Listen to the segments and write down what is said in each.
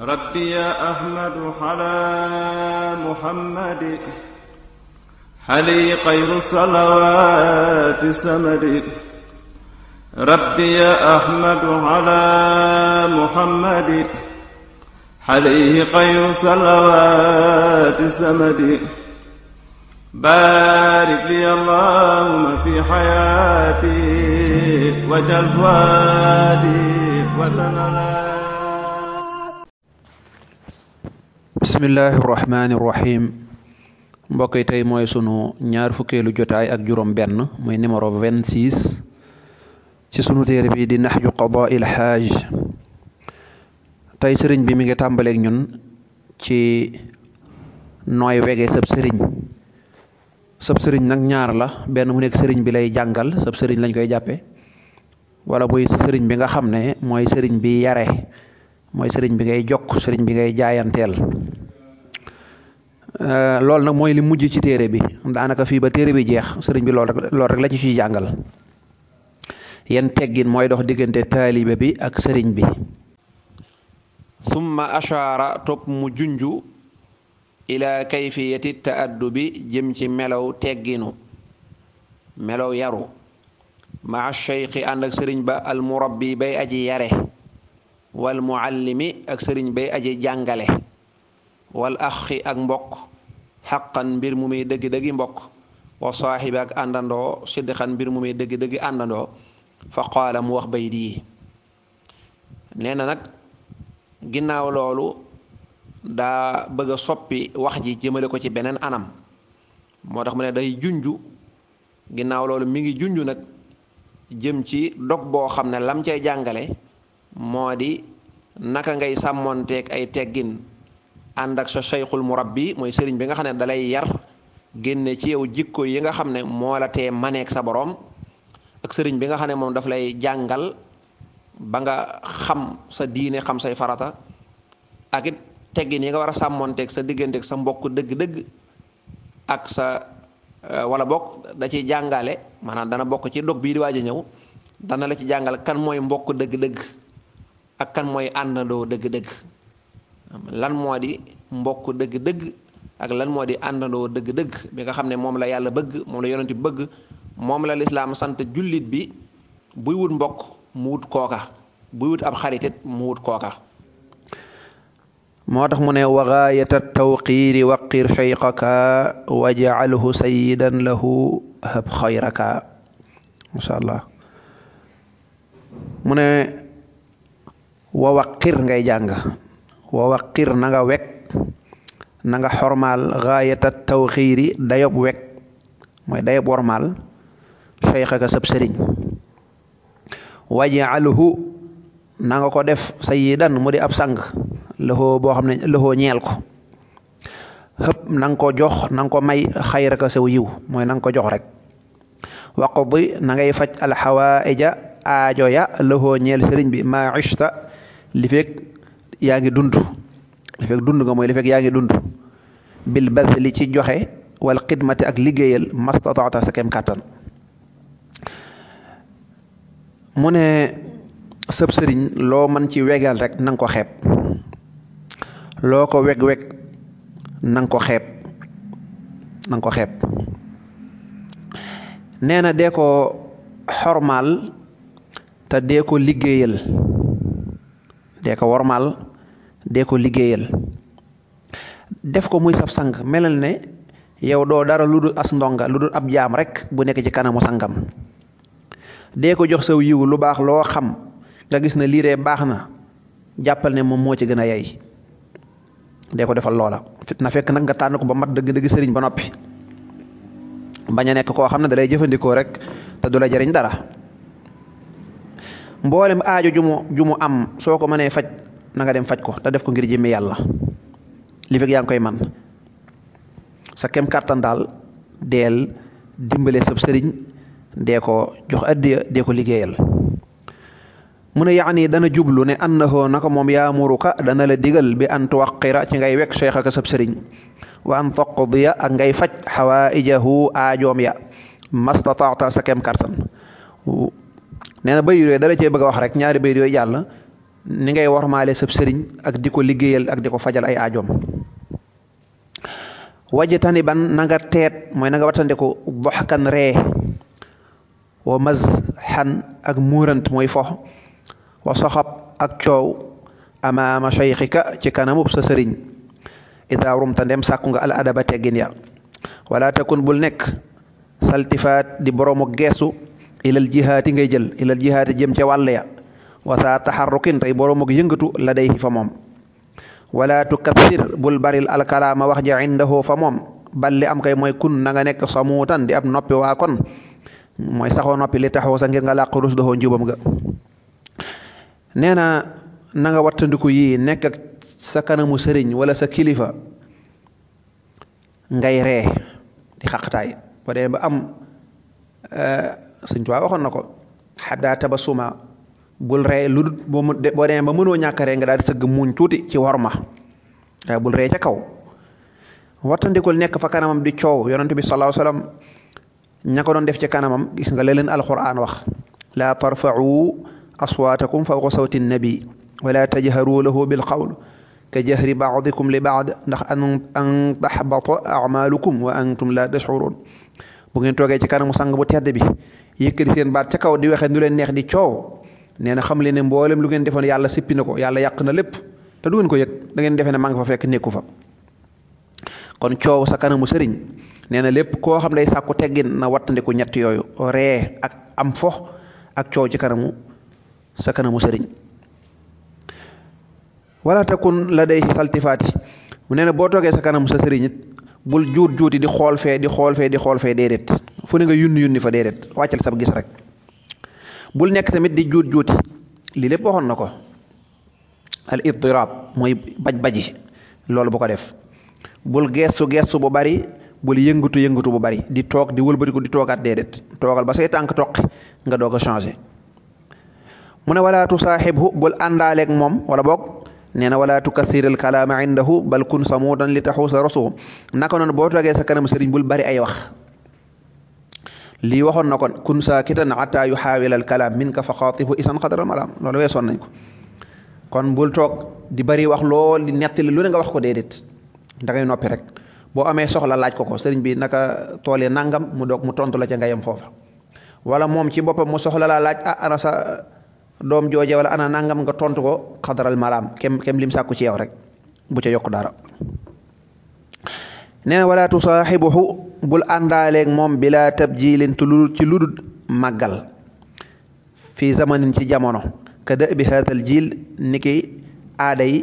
rabbi yaa ahmadu xalaa muhammadi xali xayru salawaati samadi rabbi yaa ahmadu xalaa muhammadi xali xayru salawaati samadi baarik li allahumma fi xayaati wajal waadi watanala bismillahi rahmaani rahim mbokk yi tey mooy sunu ñaar fukkeelu jotaay ak juróom benn muy numéro vingt-six ci sunu téere bii di naxju qadaa'il xaaj tey sëriñ bi mi ngi tàmbaleeg ñun ci nooy wege sab sëriñ sab sëriñ nag ñaar la benn mu nekk sëriñ bi lay jàngal sab sëriñ lañ koy jàppe wala buy sëriñ bi nga xam ne mooy sëriñ bi yare mooy sëriñ bi ngay jokk sëriñ bi ngay jaayanteel Euh, loolu nag mooy li mujj ci téere bi daanaka fii ba téere bi jeex sëriñ bi loolu rek la ci ciy jàngal yan teggin mooy dox diggante taalibe bi ak sëriñ bi summa ashaara topp mu junju ila kayfiyati taaddubi jëm ci melow tegginu melow yaru maa cheikhi ànd ak sëriñ ba almurabbi bay aji yare wal muallimi ak sëriñ bay aji jàngale wal axi ak mbokk xaqan mbir mu muy dëgg-dëggi mbokk wa saaxibi ak mbir mu muy dëgg-dëggi àndandoo mu wax bay dii nee na nag ginnaaw loolu daa bëgg soppi wax ji jëmale ko ci beneen anam moo tax mu ne day junju ginnaaw loolu mi ngi junju nag jëm ci dog boo xam ne lam cay jàngale moo di naka ngay sàmmoonteeg ay teggin ànd ak sa sayxul bi mooy sëriñ bi nga xam ne dalay yar génne ci yow jikko yi nga xam ne moo la tee maneek sa boroom ak sëriñ bi nga xam ne moom dafa lay jàngal ba nga xam sa diine xam say farata ak it teggin yi nga war a sàmmonteeg sa digganteeg sa mbokk dëgg-dëgg ak sa euh, wala bokk da ciy jàngale maanaam dana bokk ci dog bii di waaj a ñëw dana la ci jàngal kan mooy mbokk dëgg kan mooy àndandoo dëgg-dëgg lan moo di mbokk dëgg-dëgg ak lan moo di àndandoo dëgg-dëgg bi nga xam ne moom la yàlla bëgg moom la yonent bi bëgg moom la lislaam sant jullit bi buy wut mbokk mu wut kooka buy wut ab xaritit mu wut kooka moo tax mu ne wa gaayata tawqiiri waqir cheyqaka wajacalhu sayidan lahu hab xayraka masha waqir ngay jàng wa waqir na nga nanga na nga xormaal gaayata tawxiiri dayob wekk mooy dayob wormaal cheyxaka sab sëriñ wajalhu na nga ko def sayidan mu di ab sang lëxoo boo xam ne lëxoo ñeel ko xëpp na ko jox na ko may xayraka saw yiw mooy na ko jox rek waqdi na faj alxawaaija aajo ya lëxoo ñeel sëriñ bi maa ista li fekk yaa ngi dund li fekk dund nga mooy li fekk yaa ngi dund bil bazli ci joxe wala xidmati ak liggéeyal mastataata sa kem kàttan mu ne sëb sëriñ loo mën ci wegal rek nang ko xeeb loo ko weg-weg nang ko xeeb nang ko xeeb nee na dee ko xormaal te dee ko liggéeyal dee ko wormaal dee ko liggéeyal def ko muy sab sang melal ne yow doo dara lu dul as ndonga lu dul ab jaam rek bu nekk ci kanamu sangam dee ko jox saw yiw lu baax loo xam nga gis na lii de baax na jàppal ne moom moo ci gën a yey dee ko defal loola na fekk nag nga tànn ko ba mat dëgg-dëgg sëriñ ba noppi bañ a nekk koo xam ne da jëfandikoo rek te du la jariñ dara mboolem aajo ju mu ju mu am soo ko mënee faj nanga dem faj ko te def ko ngir jëmee yàlla li fekk yaa ngi koy man sa kem kàttan daal deel dimbale sab sëriñ de ko jox addiya dee ko liggéeyal mu ne yaani dana jublu ne annahu naka moom yaamuruka dana la digal bi an tuwaqira ci ngay wekk cheikh ak sab sëriñ wa an taqdiya ak ngay faj xawaijahu aajoom ya mastataata sa kem kàttan nee na bayit yooyu dala cee bëgg a wax rek ñaari bayit yooyu jàll ni ngay wormaale sab sëriñ ak di ko liggéeyal ak di ko fajal ay aajoom waji tani ban teet mooy na nga wattandiku boxkan ree wa mas xan ak muurant mooy fo wa soxab ak coow amaama cheyxika ci kanamub sa sëriñ ida rumta ndem sàkku nga al adaba teggin ya wala takun bul nekk saltifaat di boroomu geesu ilal jihaati ngay jël ilal jihaati jëm ca wàll ya wasaa taxarrukin tey boroom ak yëngatu la day fa moom wala tukathir bul baril alkalaama wax ja indahu fa moom balli am kay mooy kun na nga nekk samuutan di am noppi waa kon mooy saxoo noppi li taxoo sa ngir nga làq rus doxoo njubam ga nee na na nga wattandiku yii nekk sa kanamu sëriñ wala sa kilifa ngay ree di xaqtaay ba dee ba am eh, sëñ Tuubaa waxoon na ko xaddaa suma bul ree lu dut boo boo ba mënoo ñàkk ree nga daal sëgg muñ tuuti ci worma waaye bul ree ca kaw wattandikul nekk fa kanamam di coow yonent bi sallallahu alayhi wasallam ña ko doon def ci kanamam gis nga la leen alquran wax laa tarfa'u aswaatakum ko sawti nabi wala tajharu lahu bil qawl ka jahri ba'dikum li ba'd ndax an an tahbata a'malukum wa antum la tash'urun bu ngeen toogee ci kanamu sang bu tedd bi yëkkati seen baat ca kaw di waxe nu leen neex di coow nee na xam leen ne mboolem lu ngeen defoon yàlla sippi na ko yàlla yàq na lépp te du ngeen ko yëg da ngeen defee ne maa ngi fa fekk nekku fa kon coow sa kanamu sëriñ nee na lépp koo xam day sàkku teggin na wattandiku ñett yooyu ree ak am fo ak coow ci kanamu sa kanamu sëriñ wala takun la day saltifaati mu nee na boo toogee sa kanamu sa sëriñ it bul juut juuti di xool fee di xool fee di xool fee déedéet fu ne nga yunni yunni fa déedéet wàccal sab gis rek bul nekk tamit di juut juuti lii lépp waxoon na ko al idtiraab mooy baj baji loolu bu ko def bul geestu geestu bu bari bul yëngatu yëngatu bu bari di toog di wëlbatiku di toogaat déedéet toogal ba say tànk toqi nga doog a changé mu ne wala tusaaxibhu bul àndaaleeg moom wala boog nee na wala tukasir al kalaama indahu bal kun samuudan li sa rasu naka noonu boo toogee sa kanam sëriñ bul bari ay wax lii waxoon na ko kun saakitan ata yu xaawilal kalaam min ka fa xaatibu isan xadaral malaam loolu weesoon nañ ko kon bul toog di bari wax lool di nettali lu ne nga wax ko déedéet da ngay noppi rek boo amee soxla laaj ko ko sëriñ bi naka toolee nangam mu doog mu tontu la ca nga yem foofa wala moom ci boppam mu soxla laa laaj a ah, ana sa doom jooje wala ana nangam nga tontu ko xadaral malaam kem kem lim sàkku ci yow rek bu ca yokk dara nee na wala bul àndaaleeg moom bilaa tabjilin tu lu ci ludut màggal fii zamanin ci jamono ka dë bi haatal jiil niki aaday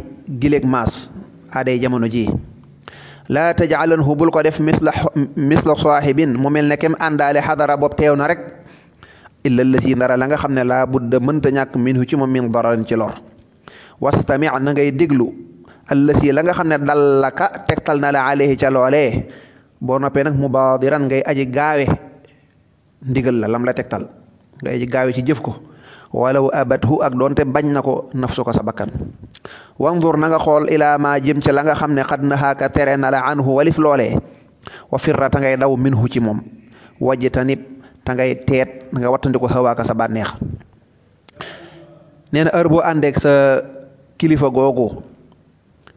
gileeg maas aaday jamono ji laa tajcalanhu bul ko def misla misla saaxibin mu mel ne kem àndaale xadara bopp teew na rek illa lasi ndara la nga xam ne laa budda mënta ñàkk minhu ci moom min dararin ci lor wastami na ngay déglu allasi la nga xam ne dallaka tegtal na la alayhi ca loolee boo noppee nag mubaadiran ngay aji gaawe ndigal la lam la tegtal ngay aji gaawe ci jëf ko walaw abathu ak doonte bañ na ko nafsu ko sa bakkan wandur na nga xool ilaa ma jëm ca la nga xam ne xad na xaaka tere na la anhu walif loole wa firra ta ngay daw minhu ci moom wajj tanib ta ngay teet nga wattandi ko xawaaka sa bànneex nee na heure boo àndeeg sa kilifa googu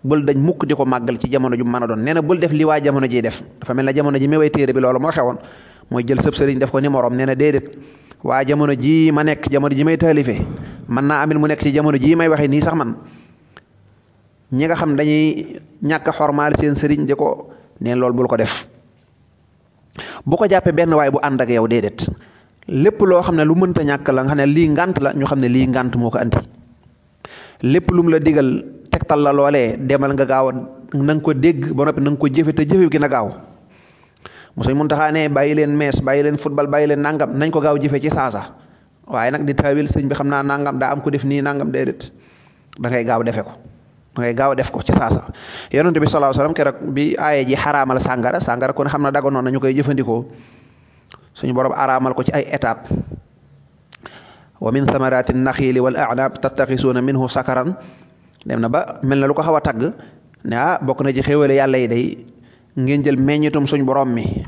bul dañ mukk di ko màggal ci jamono ju mën a doon nee na bul def li waa jamono def dafa ne jamono ji mi way téere bi loolu moo xewoon mooy jël sëb sëriñ def ko ni morom nee na waa jamono ji ma nekk jamono ji may taalifee man naa amit mu nekk ci jamono jii may waxee nii sax man ñi nga xam dañuy ñàkk xormaal seen sëriñ di ko neen loolu bul ko def bu ko jàppee benn waay bu ànd ak yow déedéet lépp loo xam ne lu mënta ñàkk la nga xam ne lii ngant la ñu xam ne lii ngant moo ko andi lépp lum la digal tegtal la loolee demal nga gaaw na ko dégg ba noppi na ko jëfe te jëfe gi na gaaw Sëñ Muntaxa ne bàyyi leen mees bàyyi leen football bàyyi leen nangam nañ ko gaaw jëfe ci saasa waaye nag di taawil sëñ bi xam naa nangam daa am ko def nii nangam déedéet da ngay gaaw defe ko da ngay gaaw def ko ci saasa yonent bi sallallahu alayhi wasallam bi aaye ji sàngara sàngara kon xam na daganoon na ñu koy jëfandikoo suñu borom araamal ko ci ay étape wa min thamarati naxili wal a'nab tattaxisuuna minhu sakaran dem na ba mel na lu ko xaw a tagg ne ah bokk na ci xéewale yàlla yi day ngeen jël meññetum suñ borom mi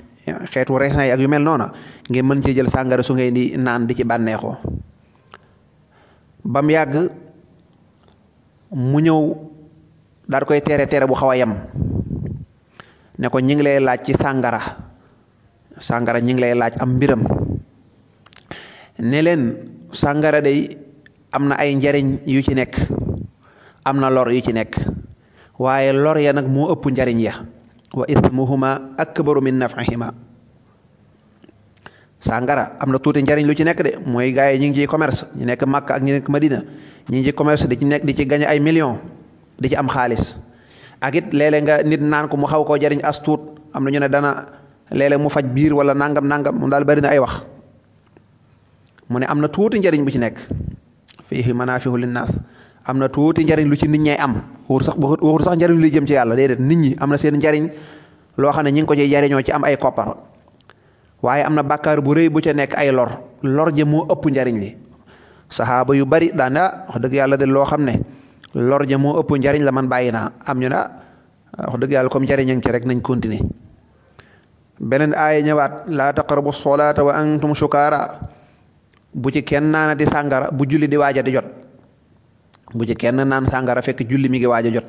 xeetu raisin yi ak yu mel noona ngeen mën cee jël sàngara su ngeen di naan di ci bànneexoo bam yàgg mu ñëw daal koy teere teere bu xaw a yem ne ko ñi ngi lay laaj ci sàngara sàngara ñi ngi lay laaj am mbiram ne leen sàngara day am na ay njariñ yu ci nekk am na lor yu ci nekk waaye lor ya nag moo ëpp njariñ ya wa ak akbaru min nafihima sàngara am na tuuti njariñ lu ci nekk de mooy gars yi ñu ngi ciy commerce ñu nekk Makka ak ñu nekk Madina ñu ngi ci commerce ci nekk di ci gañe ay millions di ci am xaalis ak it léeg-léeg mu xaw koo jariñ as tuut am na ñu ne dana léeg mu faj biir wala nangam nangam moom daal bari na ay wax mu ne am na tuuti njariñ bu ci nekk fiihi manaafihu linnaas am na tuuti njariñ lu ci nit ñay am waxut sax waxut sax njariñ luy jëm ci yàlla déedéet nit ñi am na seen njariñ loo xam ne ñi ngi ko ci jariñoo ci am ay koppar waaye am na bàkkaar bu rëy bu ca nekk ay lor lor ja moo ëpp njariñ li saxaaba yu bari daan wax dëgg yàlla de loo xam ne lor ja moo ëpp njariñ la man bàyyi naa am ñu na wax dëgg yàlla comme njariñ ci rek nañ continuer beneen aaya ñëwaat laa taqrabu solaata wa antum sukaara bu ci kenn di sàngara bu julli di waaja di jot bu ci kenn naan sàngara fekk julli mi ngi waaj a jot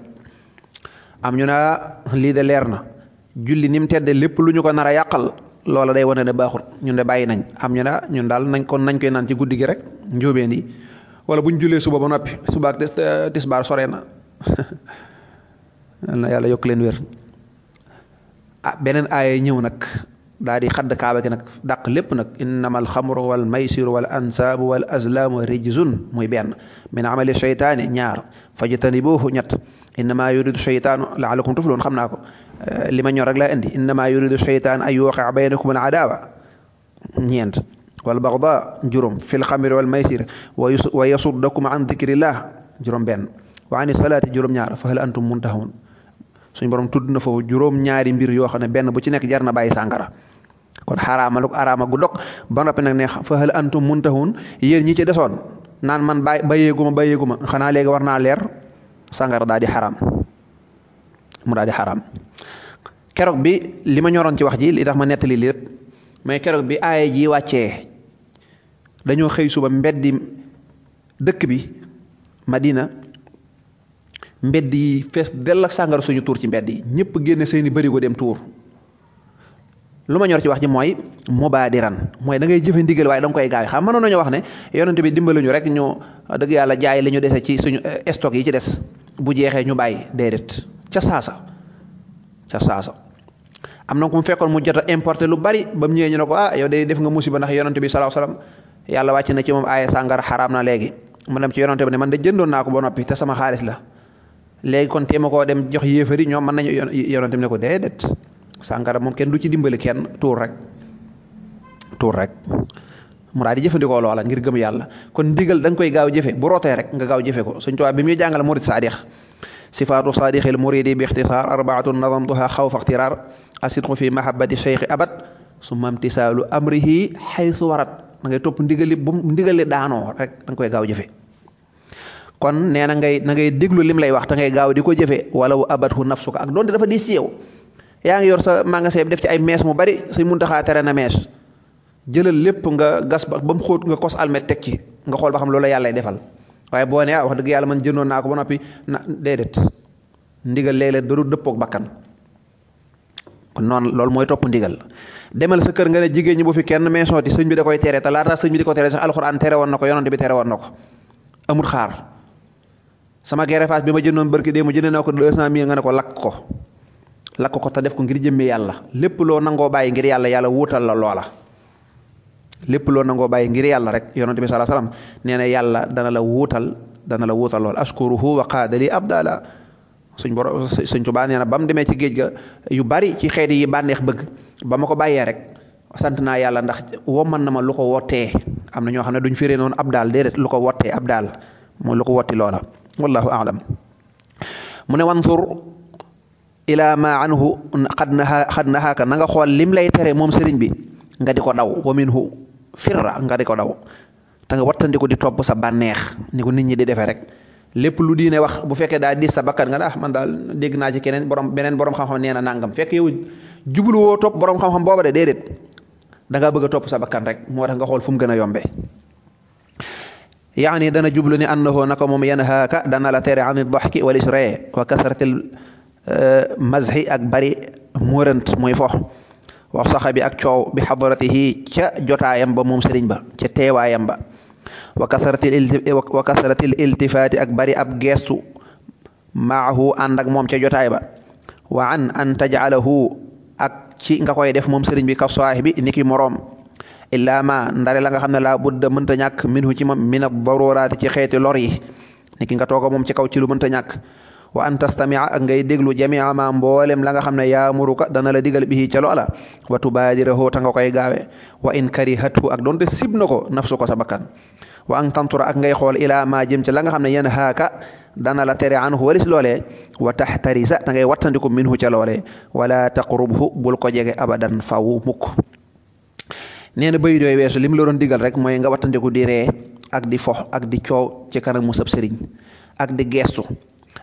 am ñu ne ah, lii de leer na julli ni mu lépp lu ñu ko nar a yàqal loola day wone ne baaxut ñu ne bàyyi nañ am ñu ne ah, ñun daal nañ kon nañ koy naan ci guddi gi rek njóobeen yi wala bu ñu jullee suba ba noppi suba tisbaar sore na yàlla yokk leen wér ah beneen aaya ñëw nag daal di xadd kaaba gi nag dàq lépp nag innama alxamru wal maysiru wal ansaabu wal azlaamu rijzun muy benn min amal sheytaani ñaar fajtanibuuhu ñett innama yuridu sheytaanu laalakum tufloon xam naa ko eh, li ma ñor rek laa indi innama yuridu sheytaan ay yuqia baynakum al adaawa ñeent wal bagda juróom fil xamri wal maysir wa yasuddakum an dikrillah juróom benn wa ani salaati juróom ñaar fa hal antum muntahun suñu borom tudd na foofu juróom ñaari mbir yoo xam ne benn bu ci nekk jar na bàyyi sàngara kon xaraama lu araama gu dog ba noppi nag neex fa hal antum muntahun yéen ñi ci desoon naan man bàyyi bàyyeeguma bàyyeeguma xanaa leegi war naa leer sàngara daal di xaraam mu daal di xaraam keroog bi li ma ñoroon ci wax ji li tax ma nettali li lépp mais keroog bi aaya ji wàcce dañoo xëy suba mbeddi dëkk bi Madina mbedd yi fees dell ak sàngara suñu tuur ci mbedd yi ñëpp génne seeni barigo dem tuur lu ma ñor ci wax ji mooy mubaadiran mooy da ngay jëfe ndigal da nga koy gaaw xam mënoon nañoo wax ne yonent bi dimbali ñu rek ñu dëgg yàlla jaay li ñu dese ci suñu eh, stock yi ci des bu jeexee ñu bàyyi déedéet ca saasa ca saasa am na ku mu fekkoon mu jot a importé lu bari ba mu ñëwee ñu ne ko ah yow day def nga musiba ndax yonent bi salaahu salaam yàlla wàcc na ci moom aaya sàngara xaraam na léegi mu dem ci yonent bi ne man de jëndoon naa ko ba noppi te sama xaalis la léegi kon téema koo dem jox yéefari ñoom mën nañu yonent bi ne ko déedéet sàngara moom kenn du ci dimbali kenn tuur rek tuur rek mu daal di jëfandikoo loola ngir gëm yàlla kon ndigal da koy gaaw jëfe bu rootee rek nga gaaw jëfe ko Sëñ Tuubaa bi muy jàngal murid saadix sifaatu saadixil muridi bi ixtixaar arbaatun nadamtuha xawfa ixtiraar asidqu fi mahabbati cheikhi abad summa imtisaalu amrihi xaysu warat da ngay topp ndigali bu ndigali daanoo rek da koy gaaw jëfe kon nee na ngay na ngay déglu lim lay wax te ngay gaaw di ko jëfe walaw abathu nafsuka ak doonte dafa diis ci yaa ngi yor sa magasin bi def ci ay mees mu bari suñ muntaxaa tere na mees jëlal lépp nga gas ba ba mu xóot nga kos almet teg ci nga xool ba xam loola yàllay defal waaye boo nee ah wax dëgg yàlla man jëndoon naa ko ba noppi na déedéet ndigal léeg daru dëppoog bakkan kon noonu loolu mooy topp ndigal demal sa kër nga ne jigéen ñi bu fi kenn meesooti sëñ bi da koy tere te laata sëñ bi di ko tere sax alxuraan tere woon na ko yonante bi tere woon na ko amul xaar sama gerefaas bi ma jëndoon bërki dee mu jënd ko deux cent nga ne ko lakk ko lakk ko te def ko ngir jëmme yàlla lépp loo nangoo bàyyi ngir yàlla yàlla wuutal la loola lépp loo nangoo bàyyi ngir yàlla rek yonente bi sallallahu alayhi wasallam nee na yàlla dana la wuutal dana la wuutal loola askuruhu wa qaadali abdala suñ borom suñ Tuubaa nee na ba mu demee ci géej ga yu bari ci xeet yi bànneex bëgg ba ma ko bàyyee rek sant naa yàlla ndax woo mën na ma lu ko wottee am na ñoo xam ne duñ firee noonu ab daal déedéet lu ko wottee ab daal mooy lu ko wotti loola wallahu aalam mu ne wantur ilaa ma anhu xad naha xad nahaaka na nga xool lim lay tere moom sëriñ bi nga di ko daw wa minhu firra nga di ko daw te nga wattandiku di topp sa bànneex ni ko nit ñi di defe rek lépp lu diine wax bu fekkee daal di sa bakkan nga ne ah, man daal dégg naa ci keneen borom beneen borom xam-xam nee na nangam fekk yow jubluwoo topp borom xam-xam booba de déedéet da ngaa bëgg topp sa bakkan rek moo tax nga xool fu mu gën a yombee. dana jublu ni annahu naka moom yanhaaka dana la tere wa kasratil Euh, mazhi ak bari murant muy fo wax saxa bi ak coow bi xadaratihi ca jotaayam ba moom sëriñ ba ca teewaayam ba wa kasaratil iltifaati ak bari ab geestu maahu ànd ak moom ca jotaay ba wa an an tajcalahu ak ci nga koy def moom sëriñ bi ka saahibi ni ki morom illaa ma ndare la nga xam ne laa budda mënta ñàkk minhu ci moom min ad daruraati ci xeeti lor yi ni nga tooga moom ci kaw ci lu mënta ñàkk wa an tastamia ak ngay déglu jamia ma mboolem la nga xam ne yaamuruka dana la digal bihi ca loola wa tubaadira hoo ta nga koy gaawe wa in karihathu ak donte sib na ko nafsu ko sa bakkan wa an tantura ak ngay xool ilaa ma jëm ca la nga xam ne yan haaka dana la tere anhu walis loolee wa taxtarisa ta ngay wattandiku minhu ca loolee wala taqrubhu bul ko jege abadan faw mukk nee na bayit yooyu weesu li mu la doon digal rek mooy nga wattandiku di ree ak di fox ak di coow ci mu sëb sëriñ ak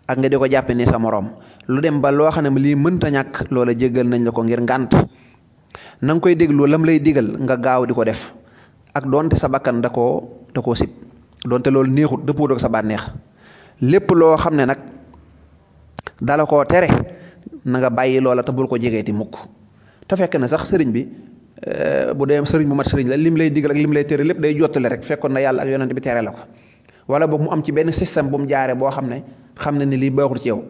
ak nga di ko jàppe ni sa moroom lu dem ba loo xam ne lii mënta ñàkk loola jéggal nañ la ko ngir ngànt na nga koy déglu lam lay digal nga gaaw di ko def ak doonte sa bakkan da ko da koo sib doonte loolu neexut dëppoo ak sa bànneex lépp loo xam ne nag dala koo tere na nga bàyyi loola te bul ko ti mukk te fekk na sax sëriñ bi eh, bu dee sëriñ bu mat sëriñ la lim lay digal ak lim lay tere lépp day jottale rek fekkoon na yàlla ak yonent bi tere la ko wala boog mu am ci benn système bu mu jaare boo xam ne xam na ne lii baaxul ci yow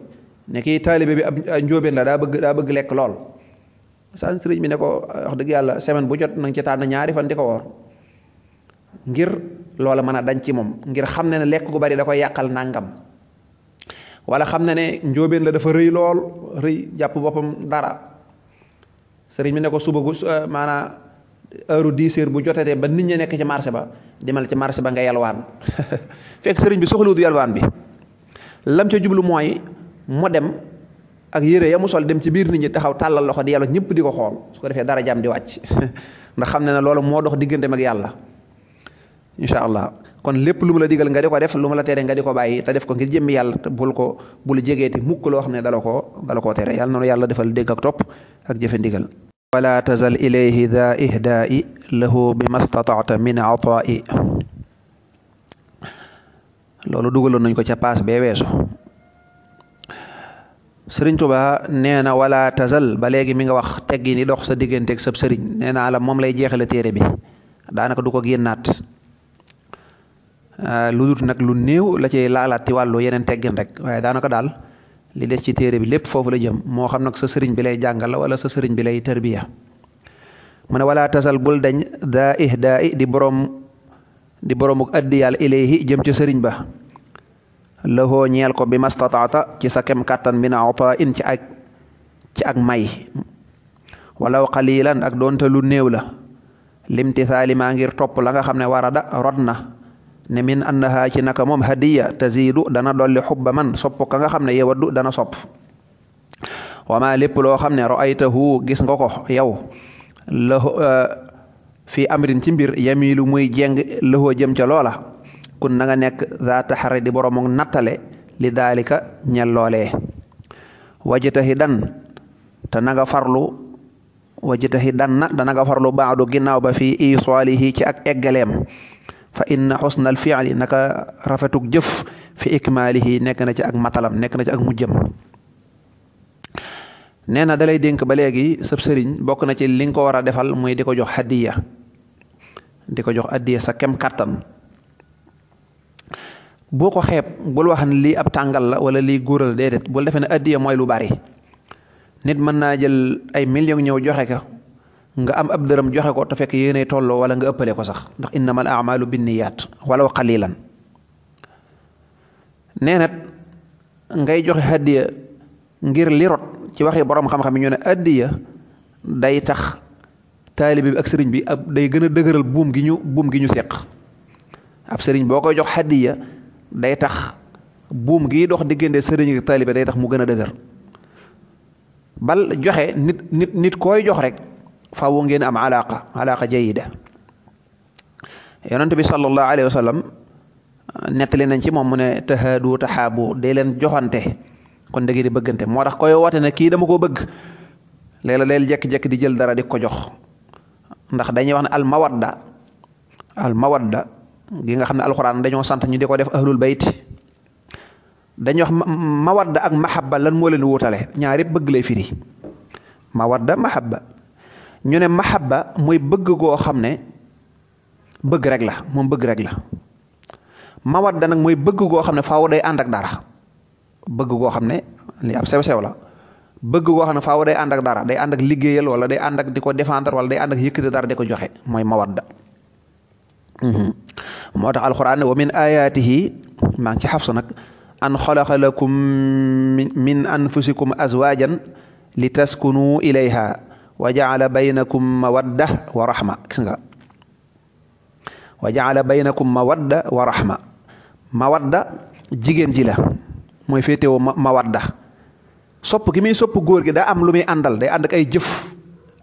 ne kii taalibe bi ab njóobeen la daa bëgg daa bëgg lekk lool san sëriñ bi ne ko wax dëgg yàlla semaine bu jot na nga tànn ñaari fan di ko woor mën a dañ ci moom ngir xam na ne lekk gu bari da koy yàqal nàngam wala xam na ne njóobeen la dafa rëy lool rëy jàpp boppam dara sëriñ bi ne ko suba gu eh, maanaam heure dix heures bu jotatee ba nit ñi nekk ci marché ba demal ci marché ba nga yalwaan fekk sëriñ bi soxlawut yalwaan bi lam ca jublu mooy mu dem ak yére ya mu sol dem ci biir nit ñi taxaw tàllal loxo di yàlla ñëpp di ko xool su ko defee dara jaam di wàcc ndax xam ne ne loolu moo dox digganteem ak yàlla incha kon lépp lu la digal nga di ko def lu mu la tere nga di ko bàyyi def ko ngir jëmmi yàlla te bul ko bul jegeeti mukk loo xam ne dala koo dala koo tere yàlla noonu yàlla defal dégg ak topp ak jëfe ndigal wala tazal ilayhi da ihdaai lahu bi ma stataata min ataa'i loolu dugaloon nañ ko ca paas bee weesu sëriñ Tuba nee na wala tazal ba léegi mi nga wax teggi ni dox sa digganteeg sab sëriñ nee la moom lay jeexale téere bi daanaka du ko génnaat ah, lu dut nag lu néew la ci laalaat ci wàllu yeneen teggin rek waaye daanaka daal li des ci téere bi lépp foofu la jëm moo xam nag sa sëriñ bi lay jàngal la wala sa sëriñ bi lay tarbiya mu ne wala tasal bul dañ daa ih daa i di borom di boromuk addiyaal ilayhi jëm ci sëriñ ba lahoo ñeel ko bi mastataata ci sa kem kàttan bi na ata in ci ak may walaw qalilan ak doonte lu néew la limtisaali maa ngir topp la nga xam ne warada rod na ne min annaha ci naka moom hadiya taziidu dana dolli ba man sopp ka nga xam ne yewaddu dana sopp wama lépp loo xam ne ro'aytahu gis nga ko yow la fii amrin ci mbir yamilu muy jeng lëxoo jëm ca loola kun na nga nekk za taxari di boromog nattale li daalika ñel loolee wajtahidan te naga farlu farlu wajtahidan na dana nga farlu baadu ginnaaw ba fii isoalihi ci ak eggaleem fa inna xusnal fiali naka rafetug jëf fi ikmaalihi nekk na ci ak matalam nekk na ci ak mujjëm nee na dalay dénk ba léegi sab sëriñ bokk na ci li nga ko war a defal muy di ko jox hadiya di ko jox addiya sax kem kàttan boo ko xeeb bul wax ne lii ab tàngal la wala lii góoral déedéet bul defee ne addiya mooy lu bari nit mën naa jël ay million ñëw joxe ko nga am ab dërëm joxe ko te fekk yéenay tolloo wala nga ëppale ko sax ndax innamal a'malu binniyaat walaw qalilan nee na ngay joxe addiya ngir li rot ci waxi borom xam-xam yi ñu ne addiya day tax taalibe bi ak sëriñ bi ab day gën a dëgëral buum gi ñu buum gi ñu seq ab sëriñ boo koy jox hadiya day tax buum gi dox diggante sëriñ ak taalibe day tax mu gën a dëgër bal joxe nit nit nit koy jox rek faaw ngeen am alaaqa alaaqa jayida yonent bi sallallahu alayhi wa sallam nettali nañ ci moom mu ne tahaadu tahaabu day leen joxante kon da ngeen di bëggante moo tax koy woote ne kii dama koo bëgg léeg-léeg jekk-jekk di jël dara di ko jox ndax dañuy wax ne al mawadda al mawadda gi nga xam ne alxuraan dañoo sant ñu di ko def ahlul bayit dañuy wax mawadda ak mahabba lan moo leen wutale ñaar yëpp bëgg lay firi mawadda mahabba ñu ne mahabba muy bëgg goo xam ne bëgg rek la moom bëgg rek la mawadda nag mooy bëgg goo xam ne faaw day ànd ak dara bëgg goo xam ne li ab sew sew la bëgg goo xam ne faaw day ànd ak dara day ànd ak liggéeyal wala day ànd ak di ko défendre wala day ànd ak yëkkati dara di ko joxe mooy mawadda mhm. moo tax alquran ne wa min maa ngi ci xafsu nag an xalaqa lakum min anfusikum azwajan li taskunu ilayha wa jaala baynakum mawadda wa rahma gis nga wa jaala baynakum mawadda wa rahma mawadda jigéen ji la mooy féetewoo mawadda sopp gi muy sopp góor gi daa am lu muy àndal day ànd ak ay jëf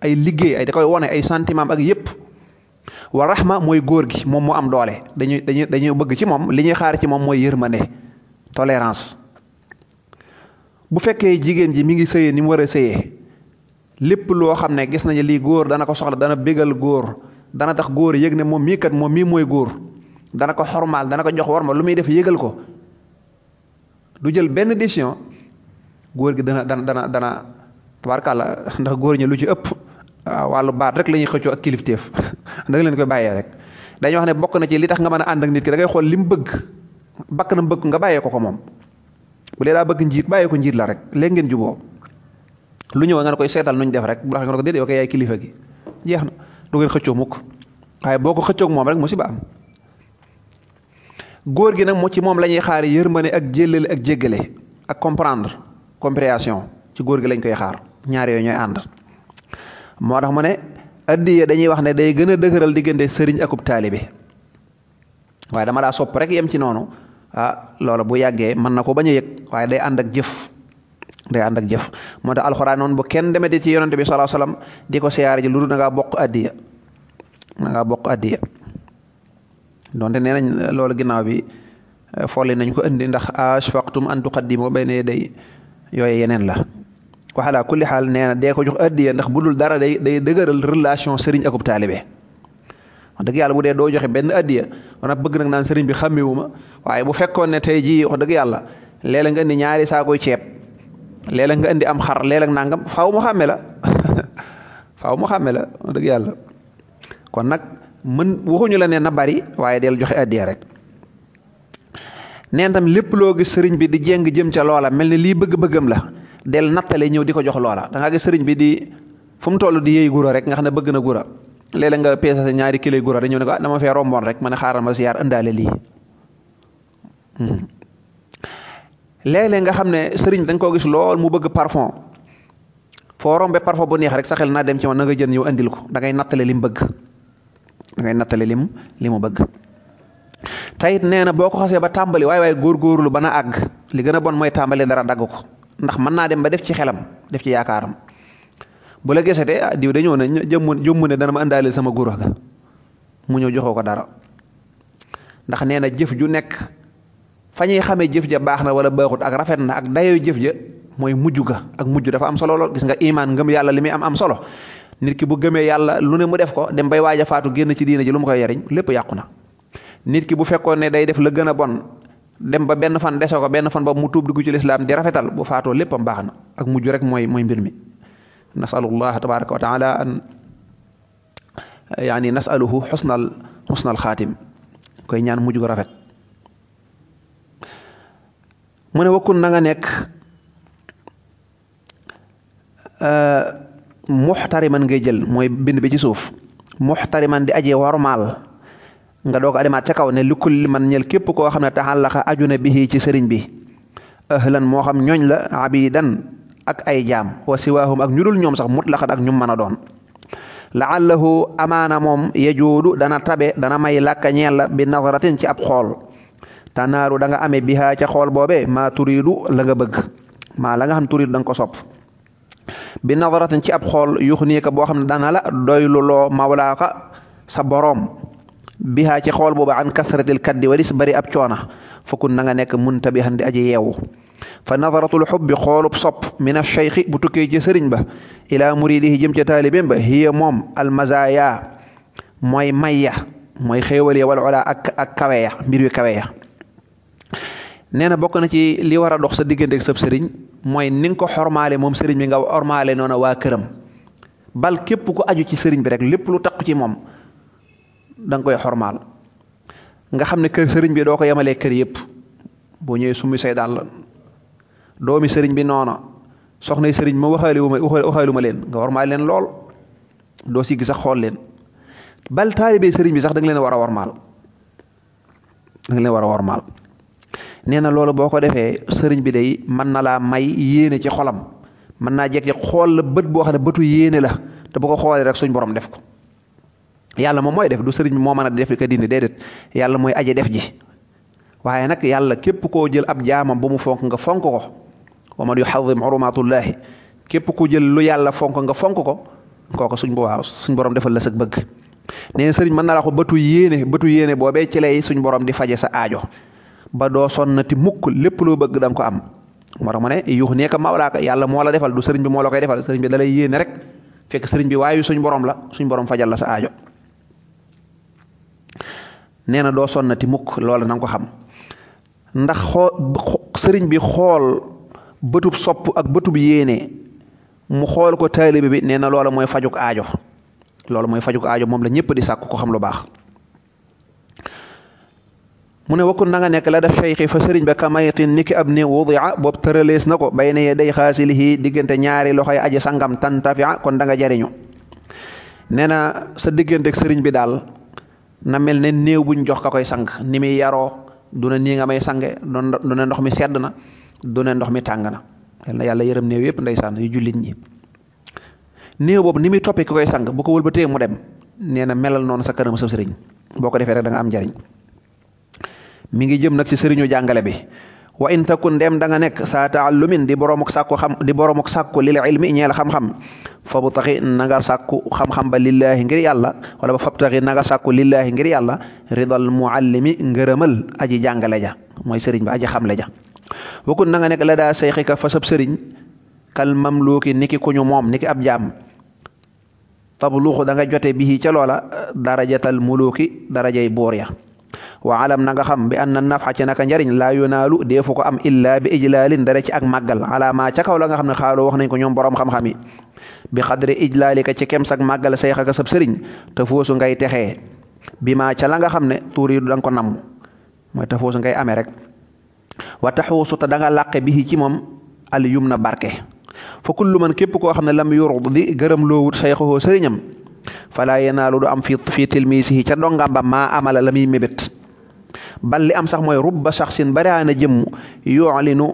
ay liggéey ay da koy wone ay sentiment ak yépp wa rahma mooy góor gi moom moo am doole dañuy dañuy dañuy bëgg ci moom li ñuy xaar ci moom mooy ne tolérance bu fekkee jigéen ji mi ngi sëyee ni mu war a sëyee lépp loo xam ne gis nañu lii góor dana ko soxla dana bégal góor dana tax góor yëg ne moom mii kat moom mii mooy góor dana ko xormaal dana ko jox war ma lu muy def yégal ko du jël benn décision góor gi dana dana dana dana tabarkàlla ndax góor ñi lu ci ëpp wàllu baat rek la ñuy xëccoo ak kilifteef da nga leen koy bàyyee rek dañuy wax ne bokk na ci li tax nga man a ànd ak nit ki da ngay xool li mu bëgg bakk na bëgg nga bàyyee ko ko moom bu dee daa bëgg njiit bàyyee ko njiit la rek léegi ngeen juboo lu ñëw nga ne koy seetal nu ñu def rek bu tax nga ne ko ok yaay kilifa gi jeex na du koy xëccoo mukk waaye boo ko xëccoog moom rek musiba am góor gi nag moo ci moom la ñuy xaar yërmande ak jéllale ak jéggale ak comprendre compréhension ci góor gi lañ koy xaar ñaar yooyu ñooy ànd moo tax mu ne addiya dañuy wax ne day gën a dëgëral diggante sëriñ akub taalibe waaye dama daa sopp rek yem ci noonu ah loola bu yàggee mën na ko bañ a yëg waaye day ànd ak jëf day ànd ak jëf moo tax alxuraan noonu bu kenn demee ci yonante bi sallallahu alayhi di ko siyaare ji lu dul na bokk addiya na ngaa bokk addiya donte nee nañ loolu ginnaaw bi eh, folli nañ ko indi ndax ashfaqtum an tuqaddimu bayna yaday yooye yeneen la waxalaa kulli xaal nee na dee ko jox addiya ndax bu dul dara day day dëgëral relation sëriñ akub taalibe wax dëgg yàlla bu dee doo joxe benn addiya wana bëgg nag naan sëriñ bi xàmmewu ma waaye bu fekkoon ne tey jii wax dëgg yàlla léeg nga indi ñaari saakoy ceeb léeg nga indi am xar léeg-la nangam faaw mu xàmme la faaw mu xàmmee la wax dëgg yàlla kon nag mën waxuñu la neen na bari waaye del joxe addiya rek neen tam lépp loo gis sëriñ bi di jeng jëm ca loola mel ni lii bëgg-bëggam la del nattale ñëw di ko jox loola da gis sëriñ bi di fu mu toll di yëy gura rek nga xam ne bëgg na gura léeg nga peese ñaari kilo gura dañu ne ah, dama fee romboon rek ma ne xaaral ma siyaar hmm. nga xam ne sëriñ dañ koo gis lool mu bëgg parfum foo rombe parfum bu neex rek sa xel naa dem ci ma na jën ñëw indil ko dangay ngay nattale li mu bëgg da nattale lim li mu bëgg tayit nee na boo ko xasee ba tàmbali waay waaye góorgóorlu ba na àgg li gën a bon mooy tàmbali dara dagg ko ndax mën naa dem ba def ci xelam def ci yaakaaram bu la gesete ah diw dañoo ne jëmm ne dana ma àndaaleel sama góor mu ñëw joxoo ko dara ndax nee na jëf ju nekk fa ñuy xamee jëf ja baax na wala baaxut ak rafet na ak dayoo jëf ja mooy mujj ga ak mujj dafa am solo lool gis nga imaan ngëm yàlla li muy am am solo nit ki bu gëmee yàlla lu ne mu def ko dem bay waaj a génn ci diina ji lu mu koy yariñ lépp yàqu na nit ki bu fekkoon ne day def la gën a bon dem ba benn fan dese ko benn fan ba mu tuub dugg ci lislaam di rafetal bu faatoo a baax na ak mujj rek mooy mooy mbir mi nasalullah tabaraka wa taala an yaani nasaluhu xusnal xusnal xaatim koy ñaan mujj gu rafet mu ne wakkun na nga nekk euh, muxtariman ngay jël mooy bind bi ci suuf muxtariman di aje warmaal nga doog a demaat ca kaw ne li man ñel képp koo xam ne taxallaqa aju na bihi ci sëriñ bi ahlan moo xam ñooñ la abidan ak ay jaam wa siwaahum ak ñu ñoom sax mutlaqan ak ñu mën a doon laallahu amaana moom yajuudu dana tabe dana may làkka ñeel la bi nazaratin ci ab xool tanaaru da amee bihaa ca xool boobe maa turiidu la nga bëgg maa la nga xam turiidu da nga ko sopp bi nazaratin ci ab xool yux nii ka boo xam ne dana la doylu loo mawlaaka sa boroom bihaa ci xool booba an kasratil kaddi walis bari ab coona nanga nekk nga nekk muntabihan di aji yeewu fa nadaratul xubbi xoolub sopp mi min acheikhi bu tukkee ci sëriñ ba ilaa muridihi jëm ca taalibeem ba hiya moom almazaya mooy mayya mooy xéewal ya wal olaa ak ak kawe ya mbir wi kawe ya nee na bokk na ci li war a dox sa diggante ak sab sëriñ mooy ni nga ko xormaale moom sëriñ bi nga xormaale noona waa këram bal képp ko aju ci sëriñ bi rek lépp lu taq ci moom da nga koy xormaal nga xam ne kër sëriñ bi doo ko yemalee kër yëpp boo ñëwee summi say dàll doomi sëriñ bi noona soxnay sëriñ ma waxaale wu ma waxaalu ma leen nga wormaal leen lool doo si gis sax xool leen bal taalibe sëriñ bi sax da leen war a wormaal da nga war a wormaal nee na loolu boo ko defee sëriñ bi day mën na laa may yéene ci xolam mën naa jekk ci xool la bët boo xam ne bëtu yéene la te bu ko xoolee rek suñ borom def ko yàlla moom mooy def du sëriñ moo mën a def di ko dindi yàlla mooy aje def ji waaye nag yàlla képp koo jël ab jaamam bu mu fonk nga fonk ko wa man yuxadim xurumaatullaahi képp ku jël lu yàlla fonk nga fonk ko kooku suñ bu waaw suñ borom defal la sëg bëgg na sëriñ mën na la ko bëtu yéene bëtu yéene boobee ci lay suñ borom di faje sa aajo ba doo sonnati mukk lépp loo bëgg da ko am moo tax mu ne yuux nekk moo la defal du sëriñ bi moo la koy defal sëriñ bi dalay lay yéene rek fekk sëriñ bi waayu suñ borom la suñ borom fajal la sa aajo nee na doo sonnati mukk loola na ko xam ndax xoo sëriñ bi xool bëtub sopp ak bëtub yéene mu xool ko taalibe bi nee na loola mooy fajuk aajo loolu mooy fajuk aajo moom la ñëpp di sàkk ko xam lu baax mu ne wakkun na nga nekk la def cheyxi fa sëriñ ba kamaytin ni ki ab néew wudia boobu tëralees na ko bay ne day xaasilihi diggante ñaari loxo loxoy aji sangam tantafia kon danga nga jariñu nee na sa digganteeg sëriñ bi daal na mel ne néew buñ jox ka koy sang ni muy yaroo du ne nii nga may sange du ne ndox mi sedd na du ne ndox mi tàng na yal na yàlla yërëm néew yëpp ndeysaan yu jullit ñi néew boobu ni muy toppee ki koy sang bu ko wëlbatee mu dem nee na melal noonu sa kanam sa sëriñ boo ko defee rek da am njariñ mi ngi jëm nag ci sëriñu jàngale bi wa in takun dem da nga nekk saa taallumin di boromuk sàkku xam di boromuk sàkku lil ilmi ñeel xam-xam fa bu taxi na sakku sàkku xam-xam ba lillaahi ngir yàlla wala ba fa bu taxi na nga sàkku lillaahi ngir yàlla ridal muallimi ngërëmal aji jàngale ja mooy sëriñ ba aji xamle ja wakun na nga nekk la daa sayxika fa sab sëriñ kal mamluuki niki kuñu moom niki ab jaam tabluuxu da nga jote bihi ca loola darajatal muluuki darajay buur ya wa alam na nga xam bi an na nafa ci naka njariñ laa yonaalu fu ko am illaa bi ijlaalin dara ci ak màggal alaamaa ca kaw la nga xam ne xaaloo wax nañ ko ñoom boroom xam-xam yi bi xadri ijlaalika ci kem sak màggal say xaka sab sëriñ te foosu ngay texee bi ma ca la nga xam ne tuuriidu da ko namm mooy te foosu ngay amee rek wa taxuusu te da làqe bi ci moom al yum na barke fa kullu man képp koo xam ne lam yurud di gërëm loowut sayxohoo sëriñam falaa yenaalu du am fi fi tilmiisihi ca dongam ba maa amala la muy mébét bal li am sax mooy rubba saxsin baraana jëmm yu'linu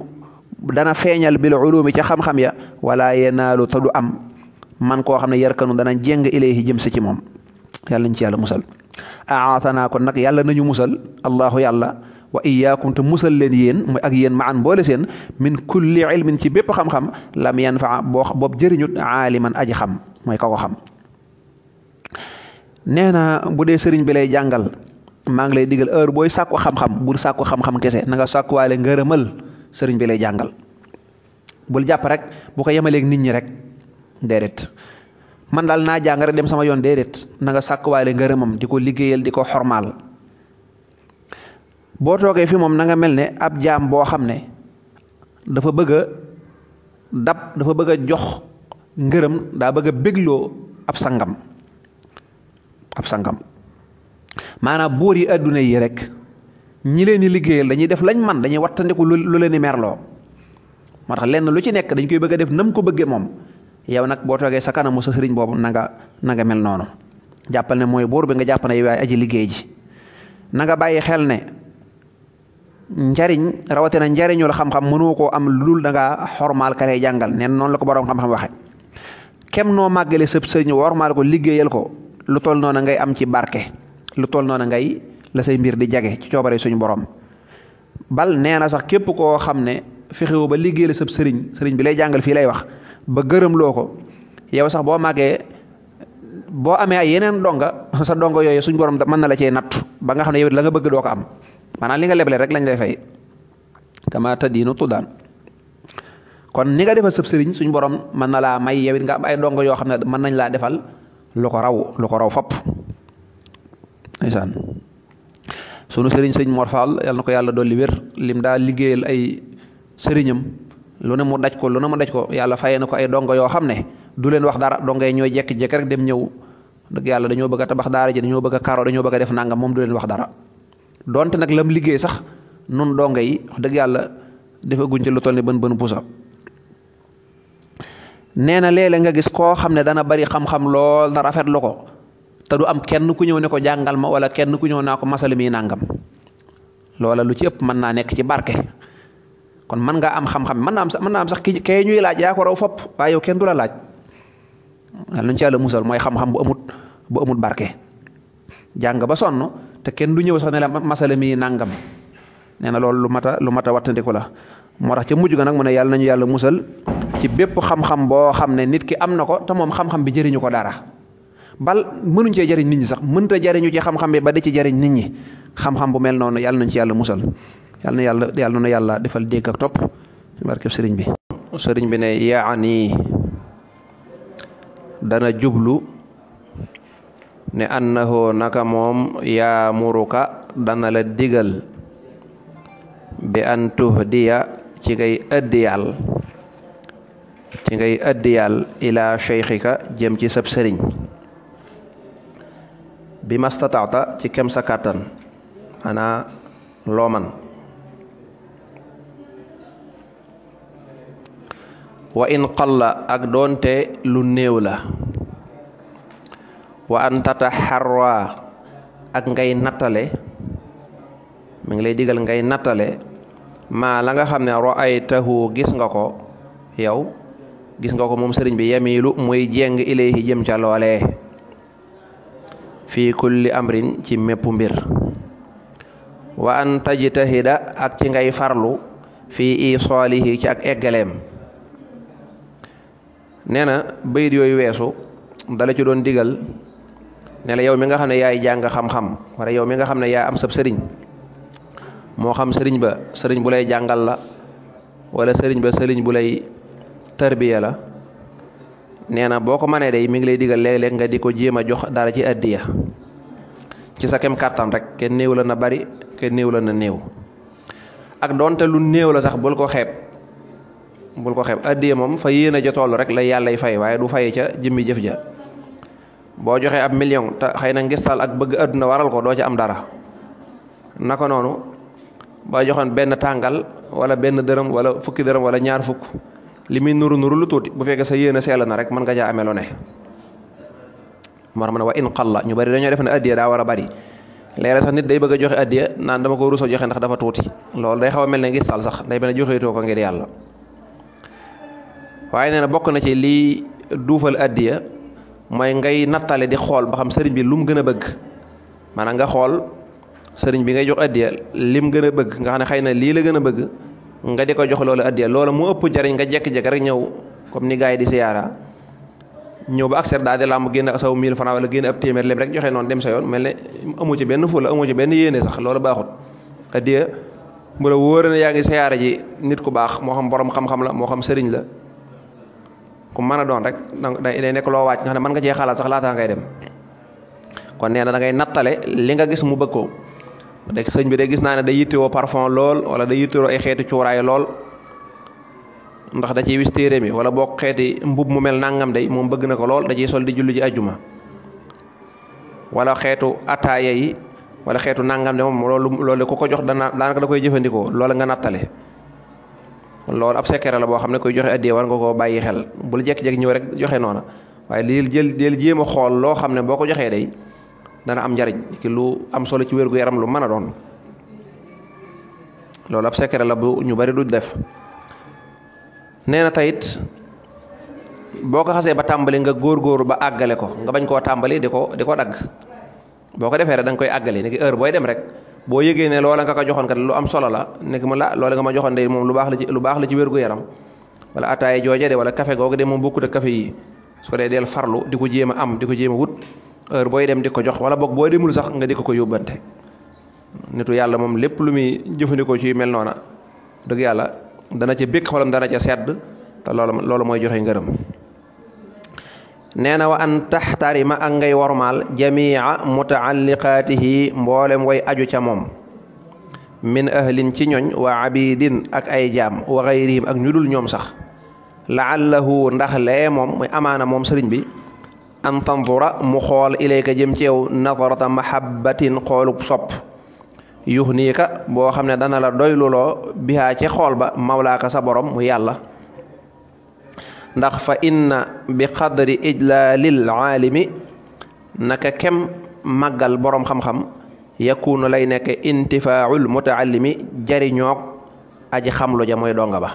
dana feeñal bil ulumi ca xam-xam ya wala yenaalu te du am man koo xam ne yarkanu dana jéng ilayhi jëm si ci moom yàlla nañ ci yàlla musal aatanaa kon nag yàlla nañu musal allahu yàlla wa iyaakum te musal leen yéen mooy ak yéen maan boole seen min kulli ilmin ci bépp xam-xam lam yanfaa boo boobu jëriñut aaliman aji xam mooy ka ko xam nee na bu dee sëriñ bi lay jàngal maa ngi lay digal heure booy sàkku xam-xam bul sàkku xam-xam kese na nga sàkkuwaale ngërëmal sëriñ bi lay jàngal bul jàpp rek bu ko yemaleeg nit ñi rek déedéet man daal naa jàngare dem sama yoon déedéet na nga sàkkuwaale ngërëmam di ko liggéeyal di ko xormaal boo toogee fi moom nanga mel ne ab jaam boo xam ne dafa bëgg a dab dafa bëgg a jox ngërëm daa bëgg a bégloo ab sangam ab sangam maanaam buur yi àdduna yi rek ñi leen di liggéeyal dañuy def lañ man dañuy wattandiku lu leen di merloo moo tax lenn lu ci nekk dañ koy bëgg a def nam ko bëggee moom yow nag boo toogee sa kanamu sa sëriñ boobu na nanga mel noonu jàppal ne mooy buur bi nga jàpp ne yow yaay aji liggéey ji na bàyyi xel ne njariñ rawatina njariñul xam-xam mënoo koo am lu dul da ngaa xormaal karee jàngal noonu la ko borom xam-xam waxe kem noo màggale sëb sëriñ wormaal ko liggéeyal ko lu toll noonu ngay am ci barke lu toll noonu ngay la say mbir di jage ci coobare suñu borom bal nee na sax képp koo xam ne fexewu ba liggéeyal sab sëriñ sëriñ bi lay jàngal fii lay wax ba gërëm loo ko yow sax boo màggee boo amee ay yeneen donga sa donga yooyu suñ borom mën na la cee natt ba nga xam ne yow it la nga bëgg doo ko am maanaam li nga leble rek lañ lay fay kama tadiinu tuddaan kon ni nga defal sab sëriñ suñ borom mën na laa may yow it nga am ay donga yoo xam ne mën nañ laa defal lu ko raw lu ko raw fopp ndeysaan sunu sëriñ sëñ Mor Fall yal na ko yàlla dool dolli wér lim daal liggéeyal ay sëriñam lu ne mu daj ko lu ne mu daj ko yàlla fayee na ko ay dongo yoo xam ne du leen wax dara dongo yi ñooy jekki rek dem ñëw dëgg yàlla dañoo bëgg tabax daara ji dañoo bëgg karo dañoo bëgg def nangam moom du leen wax donte nag lam liggéey sax nun dongo yi wax dëgg yàlla dafa guñ ci lu toll ni bën bën pusa nee na léeg nga gis koo xam ne dana bari xam-xam lool te rafetlu ko te du am kenn ku ñëw ne ko jàngal ma wala kenn ku ñëw naa ko masal mi nangam loola lu ci ëpp mën naa nekk ci barke kon mën ngaa am xam-xam mën naa am sax mën naa am sax ki kee ñuy laaj yaa ko raw fopp waaye yow kenn du la laaj waaye lu ñu musal mooy xam bu amut bu amut barke jàng ba sonn te kenn du ñëw sax ne la masala mi nangam nee na loolu lu mat a lu mat a wattandiku la moo tax ca mujj ga nag mu ne yàlla nañu yàlla musal ci bépp xam-xam boo xam ne nit ki am na ko te moom xam-xam bi jëriñu ko dara. bal mënuñ cee jariñ nit ñi sax mënta jariñu ci xam-xam bi ba di ci jariñ nit ñi xam-xam bu mel noonu yàlla nañ ci yàlla musal yàlla na yàlla yàlla na yàlla defal dégg ak topp barkeb sëriñ bi sëriñ bi ne yaani dana jublu ne annahu naka moom yaamuruka dana la digal bi an tuhdiya ci ngay addiyal ci ngay addiyal ila cheikhika jëm ci sab sëriñ bi mastataata ci kem sa kàttan ana loo wa in qalla ak doonte lu néew la wa an tataxarra ak ngay nattale mi ngi lay digal ngay nattale maa la nga xam ne ra'aytahu gis nga ko yow gis nga ko moom sëriñ bi yamilu muy jéng ilayhi jëm ca loolee fi kulli amrin ci mépp mbir wa an tajtahida ak ci ngay farlu fii isoolihi ci ak eggaleem nee na bayit yooyu weesu dala ci doon digal ne la yow mi nga xam ne yaay jàng xam-xam wala yow mi nga xam ne yaa am sab sëriñ moo xam sëriñ ba sëriñ bu lay jàngal la wala sëriñ ba sëriñ bu lay tarbiya la nee na boo ko mënee dey mi ngi lay digal léeg-léeg nga di ko jéem a jox dara ci addiya ci sa kem kàttan rek kenn néew la na bari kenn néew la na néew ak doonte lu néew la sax bul ko xeeb bul ko xeeb addiya moom fa yéen a ja toll rek la yàllay fay waaye du fay ca jëmmi jëf ja boo joxee ab million te xëy na ngistal ak bëgg àdduna waral ko doo ci am dara naka noonu ba joxoon benn tàngal wala benn dërëm wala fukki dërëm wala ñaar fukk li muy nuru nuru lu tuuti bu fekkee sa yéene sell na rek mën nga jaa amee lu ne mar ma ne wa in qalla ñu bari dañoo def ne addiya daa war a bari léeg sax nit day bëgg joxe addiya naan dama ko rusa joxe ndax dafa tuuti loolu day xaw mel ne ngi saal sax day mel ne joxeetoo ko ngir yàlla waaye nee na bokk na ci lii duufal addiya mooy ngay nattale di xool ba xam sëriñ bi lu mu gën a bëgg maanaam nga xool sëriñ bi ngay jox addiya lim gën a bëgg nga xëy na lii la gën a bëgg nga di ko jox loolu addiya loolu mu ëpp jariñ nga jekk jekk rek ñëw comme ni gars di siyaara ñëw ba accès daal di làmb génn ak saw 1000 waa wala génn ab téeméer lépp rek joxe noonu dem sa yoon mel ne amu ci benn fula amu ci benn yéene sax loolu baaxut addiya bu la wóore ne yaa ngi siyaara ji nit ku baax moo xam borom xam-xam la moo xam sëriñ la ku mën a doon rek na day nekk loo wàcc nga xam ne man nga cee xalaat sax laataa ngay dem kon nee na ngay nattale li nga gis mu bëgg ko dek sëñ bi de gis naa ne day yittewoo parfum lool wala day yittewoo ay xeeti cuuraay lool ndax da ciy wis téere mi wala boo xeeti mbub mu mel nangam day moom bëgg na ko lool da ciy sol di julli ji ajjuma wala xeetu ataaya yi wala xeetu nangam de moom loolu loolu ku ko jox dana daanaka da koy jëfandikoo lool nga nattale lool ab secret la boo xam ne koy joxe addee war nga koo bàyyi xel bul jekk-jekk ñëw rek joxe noona waaye lii jël del jéem xool loo xam ne boo ko joxee day dana am njariñ ki lu am solo ci wér gu yaram lu mën a doon loolu ab secret la bu ñu bari du def nee na tayit boo ko xasee ba tàmbali nga góor-góor ba àggale ko nga bañ koo tàmbali di ko di ko dagg boo ko defee rek da nga koy àggali ni ki heure booy dem rek boo yëgee ne loola nga ko joxoon kat lu am solo la nekk mu la loola nga ma joxoon de moom lu baax la ci lu baax la ci wér gu yaram wala ataaya jooje de wala kafe googu de moom bokkut ak café yi su ko dee farlu di ko jéem a am di ko jéem wut heure booy dem di ko jox wala boog boo demul sax nga di ko ko yóbbante nitu yàlla moom lépp lu muy jëfandikoo ci mel noona dëgg yàlla dana ca békk xolam dana ca sedd te loolu loolu mooy joxe ngërëm nee na wa an taxtarima ak ngay wormaal jamia mutaalliqaatihi mboolem way aju ca moom min ci ñoñ wa abidin ak ay jaam wa xayrihim ak ñu dul ñoom sax la laallahu ndax lee moom muy amaana moom sëriñ bi an tandura mu xool ilayka jëm ci yow nazarata mahabbatin xoolub sopp yuux nii ka boo xam ne dana la doyluloo bihaa ci xool ba mawlaaka sa boroom mu yàlla ndax fa inna bi qadri ijlaalil aalimi naka kem màggal boroom xam-xam yakunu lay nekk intifaaul mutaallimi jariñoog aj xamlu ja mooy donga ba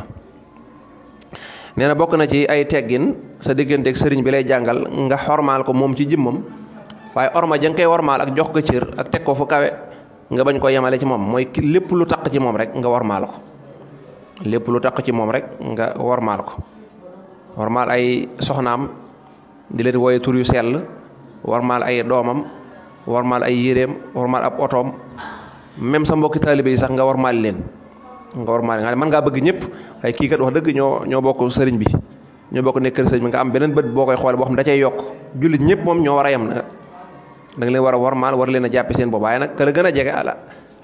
nee bokk na ci ay teggin sa digganteeg sëriñ bi lay jàngal nga xormaal ko moom ci jëmmam waaye orma ja nga koy wormaal ak jox ko cër ak teg ko fu kawe nga bañ ko yemale ci moom mooy lépp lu taq ci moom rek nga wormaal ko lépp lu taq ci moom rek nga wormaal ko wormaal ay soxnaam di leen wooye tur yu sell wormaal ay doomam wormaal ay yéreem wormaal ab otoom même sa mbokki taalibe yi sax nga wormaal leen nga ormaale nga man ngaa bëgg ñëpp waaye kii kat wax dëgg ñoo ñoo bokk sëriñ bi ñoo bokk nekk kër sëriñ bi nga am beneen bët boo koy xoole boo xam da cay yokk jullit ñëpp moom ñoo war a yem da nga leen war a wormaal war leen a jàppe seen bopp waaye nag ka a jege ala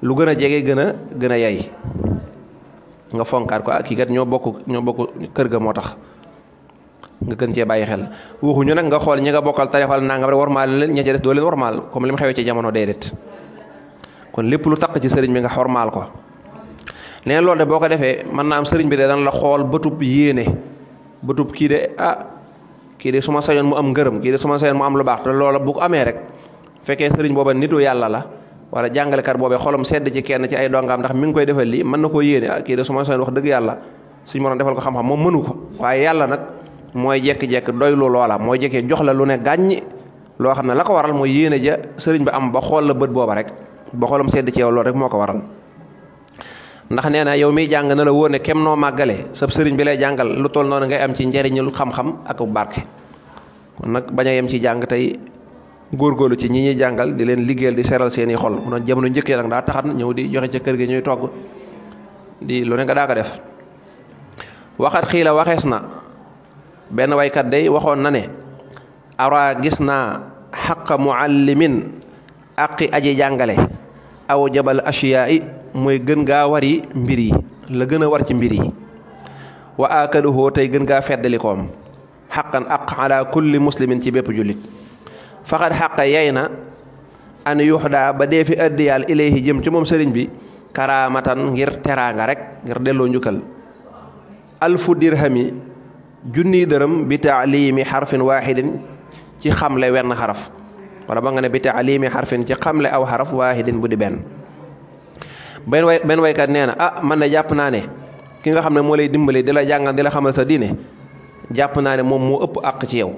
gën a jege gën a gën yay nga fonkaat ko ak ah, kii kat ñoo bokk ñoo bokk kër ga moo tax nga gën cee xel waxuñu nag nga xool nga bokkal tarixal nangam rek wormaal leen ña ca des doo leen wormaal comme li mu xewee ci jamono kon lépp lu taq ci sëriñ bi nga xormaal ko neen loolu de boo ko defee mën naa am sëriñ bi de dana la xool bëtub yéene bëtub kii de ah kii de su ma sañoon mu am ngërëm kii de su ma sañoon mu am lu baax te loola bu amee rek fekkee sëriñ booba nitu yàlla la wala jàngalekat boobee xolam sedd ci kenn ci ay am ndax mi ngi koy defal lii mën na koo yéene ah kii de su ma sañoon wax dëgg yàlla suñu moroom defal ko xam-xam moom mënu ko waaye yàlla nag mooy jekki-jekki doylu loola mooy jekkee jox la lu ne gàññ loo xam ne la waral mooy yéene ja sëriñ ba am ba xool la bët booba rek ba xolam sedd ci yow rek moo ko waral ndax nee na yow mii jàng na la wóor ne kem noo màggalee sab sëriñ bi lay jàngal lu toll noonu ngay am ci njariñul xam-xam ak barke kon nag bañ a yem ci jàng tey góorlu ci ñi ñuy jàngal di leen liggéeyal di seral seeni xol mu doon jamono njëkkee nag daa taxat ñëw di joxe ca kër gi ñuy togg di lu ne nga daa ko def waxat xii la waxees na benn waykat day waxoon na ne ara gis naa xaqa muallimin aqi aji jàngale aw jabal ashiyaa mooy gën gaa wari mbir yi la gën a war ci mbir yi wa aakaluhoo tey gën gaa feddalikoom xaqan aq ala muslimin ci bépp jullit faxat xaqa yay na an yuxdaa ba dee fi addiyaal ilayhi jëm ci moom sëriñ bi karaamatan ngir teraanga rek ngir delloo njukkal alfu dirhami junniy dërëm bi taaliimi xarfin waaxidin ci xamle wenn xaraf wala ba nga ne bi taaliimi xarfin ci xamle aw xaraf waaxidin bu di benn benn way benn waykat nee na ah man de jàpp naa ne ki nga xam ne moo lay dimbali di la jàngal di la xamal sa diine jàpp naa ne moom moo ëpp àq ci yow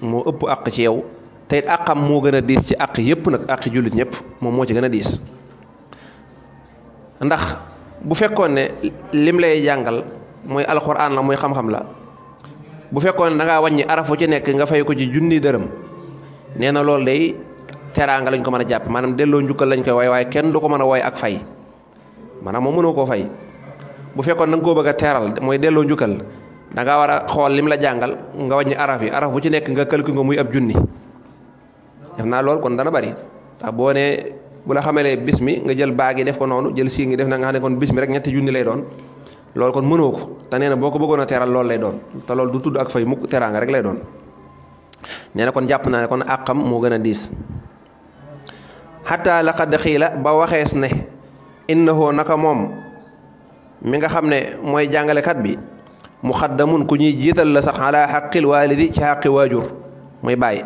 moo ëpp àq ci yow tey it àqam moo gën a diis ci àq yépp nag àq jullit ñëpp moom moo ci gën a diis ndax bu fekkoon ne lim lay jàngal mooy alxuraan la mooy xam-xam la bu fekkoon ne da ngaa wàññi arafu ci nekk nga fay ko ci junni dërëm nee na loolu day teraanga lañ ko mën a jàpp maanaam delloo njukkal lañ koy woy waaye kenn du ko mën a woy ak fay maanaam moom mënoo koo fay bu fekkoon na nga koo bëgg a teeral mooy delloo njukkal danga war a xool lim la jàngal nga wàññi araf yi araf bu ci nekk nga calcul nga muy ab junni def naa loolu kon dana bari ndax boo nee bu la xamalee bis mi nga jël baag yi def ko noonu jël sii ngi def na nga xam ne kon bis mi rek ñetti junni lay doon lool kon mënoo ko te nee boo ko bëggoon a loolu lay doon loolu du tudd fay mukk teraanga rek lay doon kon jàpp naa ne kon àqam moo gën a diis xataa laqad xiila ba waxees ne innahu naka moom mi nga xam ne mooy jàngalekat bi mu mun ku ñuy jiital la sax ala xaqil waalidi ci xaqi waajur muy bàyyi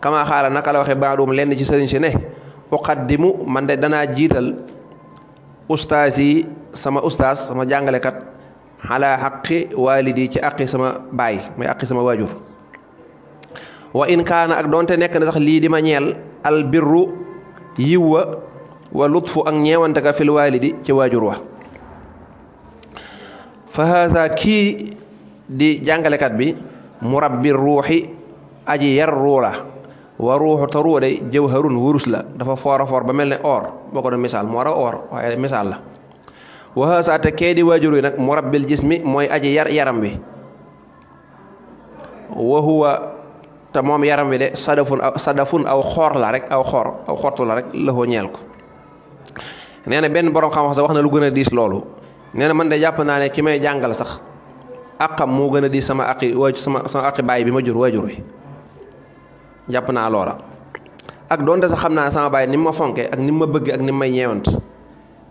kama naka la waxe baaduum lenn ci sëriñ si ne mu man de danaa jiital ustaas yi sama ustaas sama jàngalekat ala xaqi waalidi ci aqi sama baay muy ak sama waajur wa in kaana ak doonte nekk na sax lii di ma ñeel albirru yiw wa wa lutfu ak ñeewante ka fil waalidi ci waajur wa fa haasa kii di jàngalekat bi murabbi ruuxi aji yar ruu la wa ruuxu te ruu day jawharun wurus la dafa foor a foor ba mel ni or boo ko doon misaal mu war a or waaye misaal la wa haasa te kee di waajur wi nag murabbil jismi mooy aji yar yaram wi wa te moom yaram wi de sadafun aw xoor la rek aw xoor aw xottu la rek lëxoo ñeel ko nee na benn boroom xam-xam sax wax na lu gën a diis loolu nee na man de jàpp naa ne ki may jàngal sax àqam moo gën a diis sama aqi waaju sama baay bi ma jur waajur wi jàpp naa loola. ak doonte sax xam naa sama baay ni mu ma fonke ak ni mu ma bëggee ak ni mu may ñeewant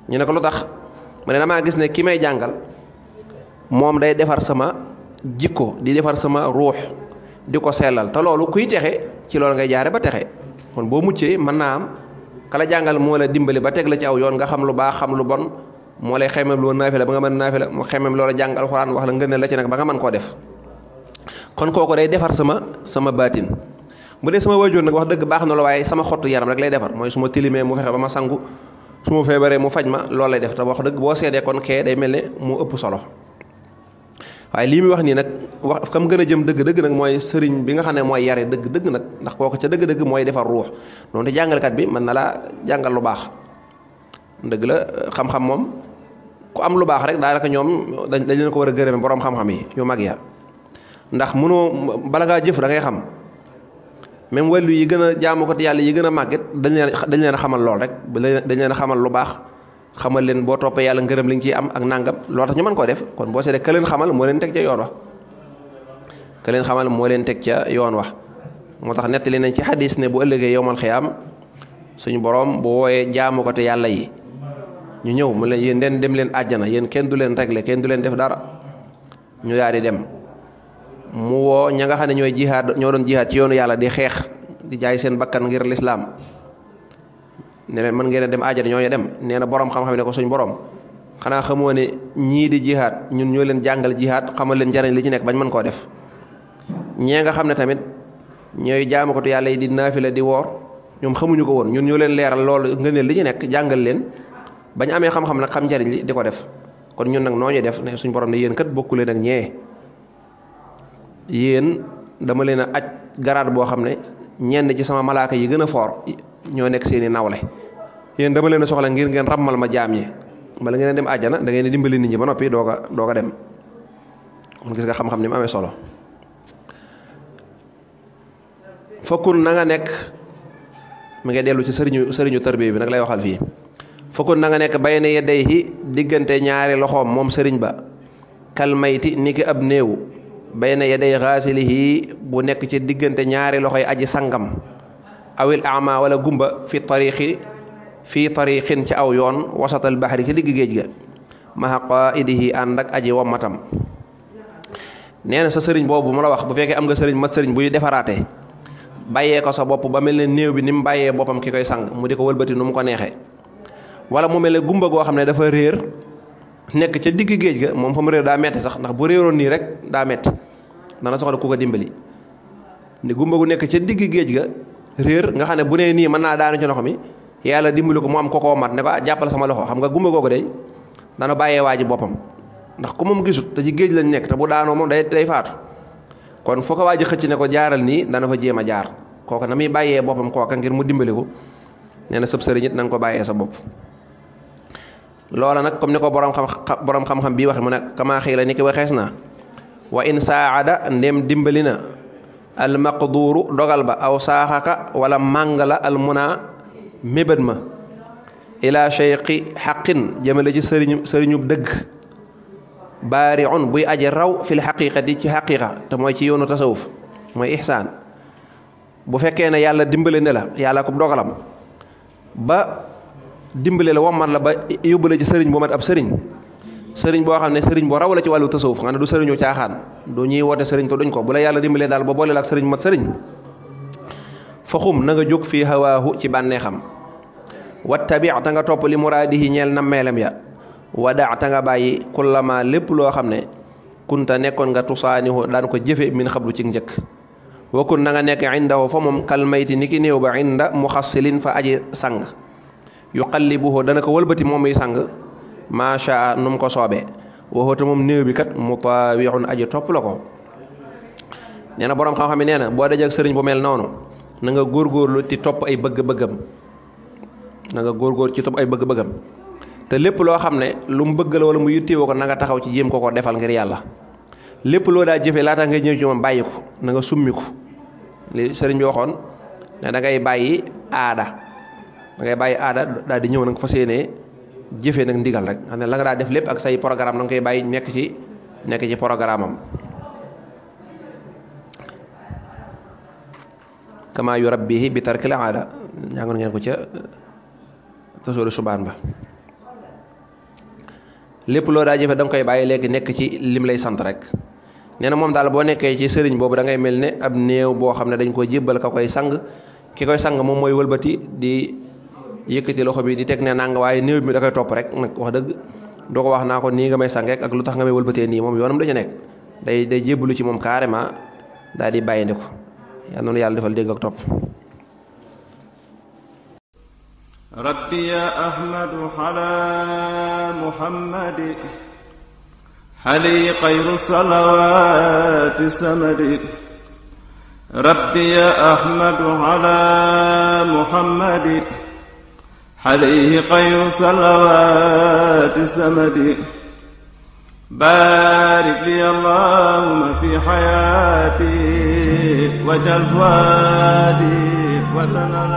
ñu ne ko lu tax ma ne damaa gis ne ki may jàngal moom day defar sama jikko di defar sama ruux. di ko sellal te loolu kuy texe ci loolu ngay jaare ba texe kon boo muccee mën naa am kala jàngal moo la dimbali ba teg la ci aw yoon nga xam lu baax xam lu bon moo lay xemem loo naafila ba nga mën naafila mu xemem loola jàng alxuraan wax la ngëneel la ci nag ba nga mën koo def kon kooku day defar sama sama baatin bu dee sama waajur nag wax dëgg baax na la waaye sama xottu yaram rek lay defar mooy suma ma tilimee mu fexe ba ma sangu su ma feebaree mu faj ma loolu lay def te wax dëgg boo seedee kon kee day mel ne mu ëpp solo waaye lii muy wax nii nag wax kam gën a jëm dëgg-dëgg nag mooy sëriñ bi nga xam ne mooy yare dëgg-dëgg nag ndax kooku ca dëgg-dëgg mooy defar ruux doonte jàngalekat bi mën na laa jàngal lu baax dëgg la xam-xam moom ku am lu baax rek daanaka ñoom dañ leen ko war a gërëme borom xam yi yu mag ya ndax mënoo bala jëf da ngay xam même wàllu yi gën a jaamu ko yàlla yi gën a màgget dañ dañ leen a xamal lool rek dañ leen a xamal lu baax xamal leen boo toppee yàlla ngërëm li nga ciy am ak nangam loo tax ñu man koo def kon boo seetee ka leen xamal moo leen teg ca yoon wax ka xamal moo leen teg ca yoon wa moo tax nettali nañ ci xadis ne bu ëllëgee yowmal xiyaam suñu boroom bu wooyee jaamu ko te yàlla yi ñu ñëw mu leen yéen den dem leen àjjana yéen kenn du leen régler kenn du leen def dara ñu daal di dem mu woo ña nga xam ne ñooy jihaad ñoo doon jihaad ci yoonu yàlla di xeex di jaay seen bakkan ngir lislaam ne leen mën ngeen a dem ajjana ñooñu dem nee na borom xam-xam ne ko suñ borom xanaa xamoo ne ñii di jihaat ñun ñoo leen jàngal jihaat xamal leen njariñ li ci nekk bañ mën koo def ñee nga xam ne tamit ñooy jaamakatu yàlla yi di naafila di woor ñoom xamuñu ko woon ñun ñoo leen leeral loolu ngëneel li ci nekk jàngal leen bañ amee xam-xam nag xam njariñ li di ko def kon ñun nag noo ñuy def ne suñ boroom ne yéen kat bokku leen ak ñee yéen dama leen a aj garaat boo xam ne ñenn ci sama malaaka yi gën a foor ñoo nekk seeni nawle yéen dama leen soxla ngir ngeen ràmmal ma jaam yi bala ngeen dem ajana da ngeen a dimbali nit ñi ba noppi doog a doo ko dem mu gis nga xam-xam ni mu amee solo fakkun na nga nekk mi ngi dellu ci sëriñu sëriñu tarbiya bi nag lay waxal fii fakkun na nga nekk bay na yedday yi diggante ñaari loxoom moom sëriñ ba kalmayti ni ki ab néewu bay na yedday xaasilihi bu nekk ci diggante ñaari loxoy aji sangam awil ama wala gumba fi tariqi fii tariqin ci aw yoon wasatal baxri ci digg géej ga maxa qaaidihi ànd ak aji wammatam nee na sa sëriñ boobu mu wax bu fekkee am nga sëriñ ma sëriñ buy defaraate bàyyee ko sa bopp ba mel ne néew bi ni mu bàyyee boppam ki koy sang mu di ko walbati nu mu ko neexee wala mu mel ne gumba goo xam ne dafa réer nekk ca digg géej ga moom fa mu réer daa metti sax ndax bu réeroon nii rek daa metti dana soxla ku ko dimbali ni gumba gu nekk ca digg géej ga réer nga xam ne bu nee nii man naa daanu ci loxo mi yàlla dimbali ko mu am ko koo mat ne ko ah, jàppal sama loxo xam nga gumba googu day dana bàyyee waa boppam ndax ku moom gisut te ci géej lañ nekk te bu daanoo moom day day faatu kon foo ko waa ji xëcc ne ko jaaral nii dana fa jéem a jaar kooka na muy bàyyee boppam kooka ngir mu dimbali ko nee na sëb sëriñ it na ko bàyyee sa bopp loola nag comme ni ko borom xam borom xam bii wax mu ne kamaa xii la waxees na wa in saada dimbali na almaqduuru dogal ba aw saaxaka wala màngala almunaa mébét ma ilaa cheyqi xaqin jëmale ci sëriñu sëriñub dëgg baari on buy aje raw fil xaqiiqati ci xaqiiqa te mooy ci yoonu tasawuf mooy ixsaan bu fekkee ne yàlla dimbale ne la yàlla ko dogalam ba dimbale la wommat la ba yóbbu yóbbale ci sëriñ bu mat ab sëriñ sëriñ boo xam ne sëriñ boo raw la ci wàllu tasawuf nga ne du sëriñu caaxaan du ñuy woote sëriñ te duñ ko bu la yàlla dimbalee daal ba boole la ak sëriñ mat sëriñ faxum na nga jóg fii hawaahu ci bànneexam wa tabi nga topp li muraadihi ñeel na ya wa daa ta nga bàyyi kullama lépp loo xam ne kunta nekkoon nga tusaanihu daan ko jëfe min xablu ci njëkk wakun na nga nekk indahu fa moom kalmayti ni ki néew ba inda muxassilin fa aji sang yuqallibuhu ko wëlbati moom muy sang macha nu mu ko soobee waxoote moom néew bi kat mu taawiixun aji topp la ko nee na boroom xam-xam yi nee na boo dajee ak sëriñ bu mel noonu na nga góorgóorlu ci topp ay bëgg-bëggam na nga ci topp ay bëgg-bëggam te lépp loo xam ne lu mu bëgg la wala mu ko na nga taxaw ci jéem ko ko defal ngir yàlla lépp loo daa jëfee laata ngay ñëw ci moom bàyyi na nga summi sëriñ bi waxoon ne da bàyyi aada da ngay bàyyi aada daal di ñëw na nga fas jëfee nag ndigal rek xam ne la nga daa def lépp ak say programme danga koy bàyyi nekk ci nekk ci programme am kama yu rabbihi bi tarkil aada ngeen ko ca uh, tasooru subaan ba lépp loo daa jëfe da koy bàyyi léegi nekk ci lim lay sant rek nee na moom daal boo nekkee ci sëriñ boobu dangay mel ni ab néew boo xam ne dañ koo jébbal ka koy sang ki koy sang moom mooy wëlbati di yëkkati loxo bi di teg ne nanga waaye néew bi da koy topp rek nag wax dëgg doo ko wax naa ko nii nga may sangeek ak lu tax nga may wëlbatee nii moom yoonam da ca nekk day day jébbalu ci moom carrément daal di bàyyindi ko yal noonu yàlla defal dégg ak topp rabbi ahmadu ala عليه خير صلوات السمد بارك لي اللهم في حياتي وجل فؤادي وتنال